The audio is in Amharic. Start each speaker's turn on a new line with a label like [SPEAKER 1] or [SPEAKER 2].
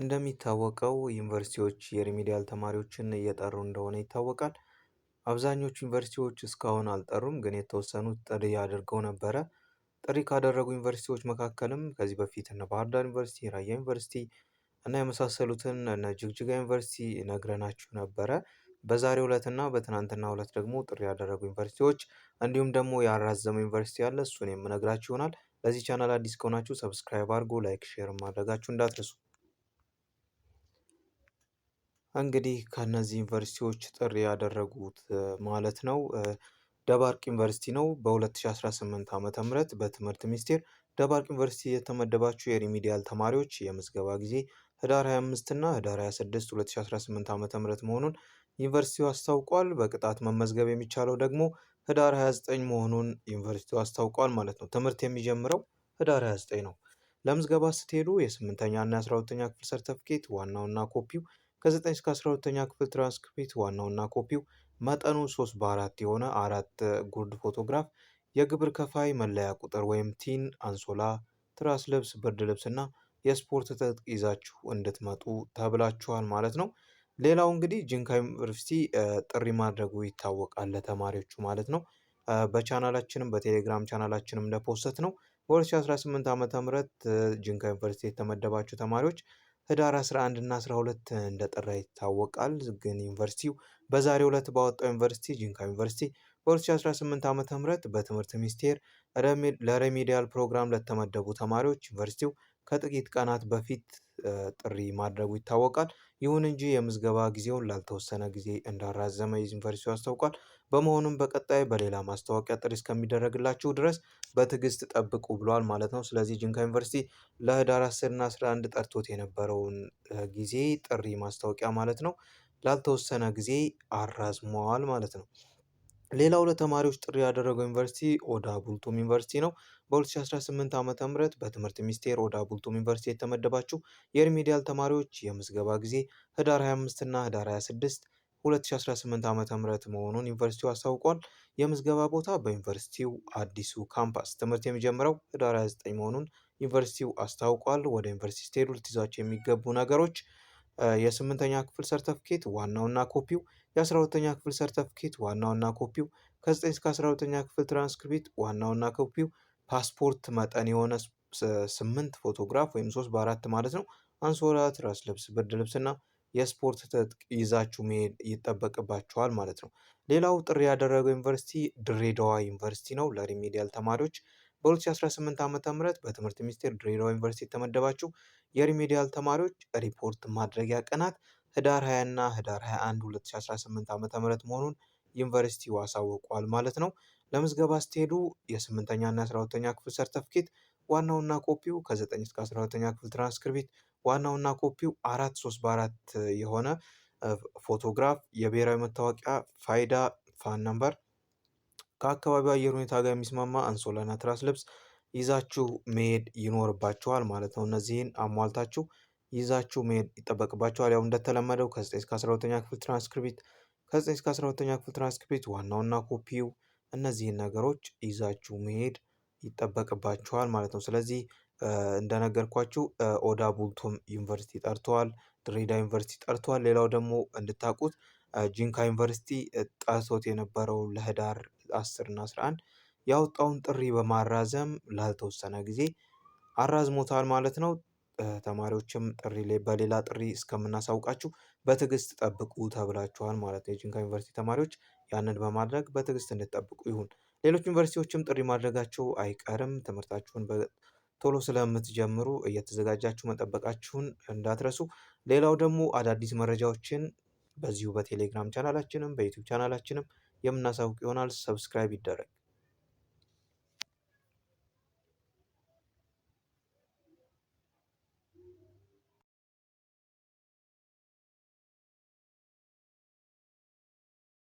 [SPEAKER 1] እንደሚታወቀው ዩኒቨርሲቲዎች የሪሚዲያል ተማሪዎችን እየጠሩ እንደሆነ ይታወቃል። አብዛኞቹ ዩኒቨርሲቲዎች እስካሁን አልጠሩም፣ ግን የተወሰኑት ጥሪ አድርገው ነበረ። ጥሪ ካደረጉ ዩኒቨርሲቲዎች መካከልም ከዚህ በፊት እነ ባህር ዳር ዩኒቨርሲቲ፣ ራያ ዩኒቨርሲቲ እና የመሳሰሉትን እነ ጅግጅጋ ዩኒቨርሲቲ ነግረናችሁ ነበረ። በዛሬው እና በትናንትናው ዕለት ደግሞ ጥሪ ያደረጉ ዩኒቨርሲቲዎች እንዲሁም ደግሞ ያራዘመ ዩኒቨርሲቲ አለ፣ እሱን የምነግራችሁ ይሆናል። ለዚህ ቻናል አዲስ ከሆናችሁ ሰብስክራይብ አድርጎ ላይክ፣ ሼር ማድረጋችሁ እንዳትረሱ።
[SPEAKER 2] እንግዲህ ከነዚህ ዩኒቨርሲቲዎች ጥሪ ያደረጉት ማለት ነው ደባርቅ ዩኒቨርሲቲ ነው። በ2018 ም በትምህርት ሚኒስቴር ደባርቅ ዩኒቨርሲቲ የተመደባቸው የሪሚዲያል ተማሪዎች የምዝገባ ጊዜ ህዳር 25 እና ህዳር 26 2018 ዓ.ም መሆኑን ዩኒቨርሲቲው አስታውቋል። በቅጣት መመዝገብ የሚቻለው ደግሞ ህዳር 29 መሆኑን ዩኒቨርሲቲው አስታውቋል ማለት ነው። ትምህርት የሚጀምረው ህዳር 29 ነው። ለምዝገባ ስትሄዱ የስምንተኛ እና የአስራ ሁለተኛ ክፍል ሰርተፍኬት ዋናውና ኮፒው ከ9 እስከ 12ኛ ክፍል ትራንስክሪፕት ዋናውና ኮፒው መጠኑ 3 በአራት የሆነ አራት ጉርድ ፎቶግራፍ የግብር ከፋይ መለያ ቁጥር ወይም ቲን፣ አንሶላ፣ ትራስ ልብስ፣ ብርድ ልብስና የስፖርት ትጥቅ ይዛችሁ እንድትመጡ ተብላችኋል ማለት ነው። ሌላው እንግዲህ ጂንካ ዩኒቨርሲቲ ጥሪ ማድረጉ ይታወቃል ለተማሪዎቹ ማለት ነው። በቻናላችንም በቴሌግራም ቻናላችንም ለፖስት ነው በ2018 ዓ ም ጂንካ ዩኒቨርሲቲ የተመደባችሁ ተማሪዎች ህዳር 11 እና 12 እንደጠራ ይታወቃል። ግን ዩኒቨርሲቲው በዛሬ ዕለት ባወጣው ዩኒቨርሲቲ ጂንካ ዩኒቨርሲቲ በ2018 ዓ ም በትምህርት ሚኒስቴር ለሬሜዲያል ፕሮግራም ለተመደቡ ተማሪዎች ዩኒቨርሲቲው ከጥቂት ቀናት በፊት ጥሪ ማድረጉ ይታወቃል። ይሁን እንጂ የምዝገባ ጊዜውን ላልተወሰነ ጊዜ እንዳራዘመ ዩኒቨርሲቲው አስታውቋል። በመሆኑም በቀጣይ በሌላ ማስታወቂያ ጥሪ እስከሚደረግላችሁ ድረስ በትዕግስት ጠብቁ ብሏል ማለት ነው። ስለዚህ ጂንካ ዩኒቨርሲቲ ለህዳር 10 እና 11 ጠርቶት የነበረውን ጊዜ ጥሪ ማስታወቂያ ማለት ነው ላልተወሰነ ጊዜ አራዝመዋል ማለት ነው። ሌላው ለተማሪዎች ጥሪ ያደረገው ዩኒቨርሲቲ ኦዳ ቡልቱም ዩኒቨርሲቲ ነው። በ2018 ዓ ም በትምህርት ሚኒስቴር ኦዳ ቡልቱም ዩኒቨርሲቲ የተመደባችሁ የሪሚዲያል ተማሪዎች የምዝገባ ጊዜ ህዳር 25 እና ህዳር 26 2018 ዓ ም መሆኑን ዩኒቨርሲቲው አስታውቋል። የምዝገባ ቦታ በዩኒቨርሲቲው አዲሱ ካምፓስ ትምህርት የሚጀምረው ህዳር 29 መሆኑን ዩኒቨርሲቲው አስታውቋል። ወደ ዩኒቨርሲቲ ስትሄዱ ልትይዟቸው የሚገቡ ነገሮች የስምንተኛ ክፍል ሰርተፍኬት ዋናውና ኮፒው የ12ኛ ክፍል ሰርተፍኬት ዋናውና ኮፒው ከ9 እስከ 12ኛ ክፍል ትራንስክሪፕት ዋናውና ኮፒው ፓስፖርት መጠን የሆነ ስምንት ፎቶግራፍ ወይም ሶስት በአራት ማለት ነው። አንሶላ፣ ትራስ ልብስ፣ ብርድ ልብስና የስፖርት ትጥቅ ይዛችሁ መሄድ ይጠበቅባችኋል ማለት ነው። ሌላው ጥሪ ያደረገው ዩኒቨርሲቲ ድሬዳዋ ዩኒቨርሲቲ ነው። ለሪሚዲያል ተማሪዎች በ2018 ዓ ም በትምህርት ሚኒስቴር ድሬዳዋ ዩኒቨርሲቲ የተመደባችሁ የሪሚዲያል ተማሪዎች ሪፖርት ማድረጊያ ቀናት ህዳር 20 እና ህዳር 21 2018 ዓ.ም መሆኑን ዩኒቨርሲቲው አሳውቋል ማለት ነው። ለምዝገባ ስትሄዱ የስምንተኛ እና አስራ ሁለተኛ ክፍል ሰርተፍኬት ዋናውና ኮፒው ከ9 እስከ 12ኛ ክፍል ትራንስክሪፕት ዋናውና ኮፒው አራት ሶስት በአራት የሆነ ፎቶግራፍ፣ የብሔራዊ መታወቂያ ፋይዳ፣ ፋን ነምበር፣ ከአካባቢው አየር ሁኔታ ጋር የሚስማማ አንሶላና ትራስ ልብስ ይዛችሁ መሄድ ይኖርባችኋል ማለት ነው። እነዚህን አሟልታችሁ ይዛችሁ መሄድ ይጠበቅባቸዋል። ያው እንደተለመደው ከ9 እስከ 12ኛ ክፍል ትራንስክሪፕት ከ9 እስከ 12ኛ ክፍል ትራንስክሪፕት ዋናውና ኮፒው እነዚህን ነገሮች ይዛችሁ መሄድ ይጠበቅባቸዋል ማለት ነው። ስለዚህ እንደነገርኳችሁ ኦዳ ቡልቶም ዩኒቨርሲቲ ጠርተዋል፣ ድሬዳ ዩኒቨርሲቲ ጠርተዋል። ሌላው ደግሞ እንድታውቁት ጂንካ ዩኒቨርሲቲ ጠርቶት የነበረው ለህዳር 10 እና 11 ያወጣውን ጥሪ በማራዘም ላልተወሰነ ጊዜ አራዝሞታል ማለት ነው። ተማሪዎችም ጥሪ ላይ በሌላ ጥሪ እስከምናሳውቃችሁ በትዕግስት ጠብቁ ተብላችኋል ማለት ነው። የጂንካ ዩኒቨርሲቲ ተማሪዎች ያንን በማድረግ በትዕግስት እንድትጠብቁ ይሁን። ሌሎች ዩኒቨርሲቲዎችም ጥሪ ማድረጋቸው አይቀርም። ትምህርታችሁን ቶሎ ስለምትጀምሩ እየተዘጋጃችሁ መጠበቃችሁን እንዳትረሱ። ሌላው ደግሞ አዳዲስ መረጃዎችን በዚሁ በቴሌግራም ቻናላችንም በዩቱብ ቻናላችንም የምናሳውቅ ይሆናል። ሰብስክራይብ ይደረግ።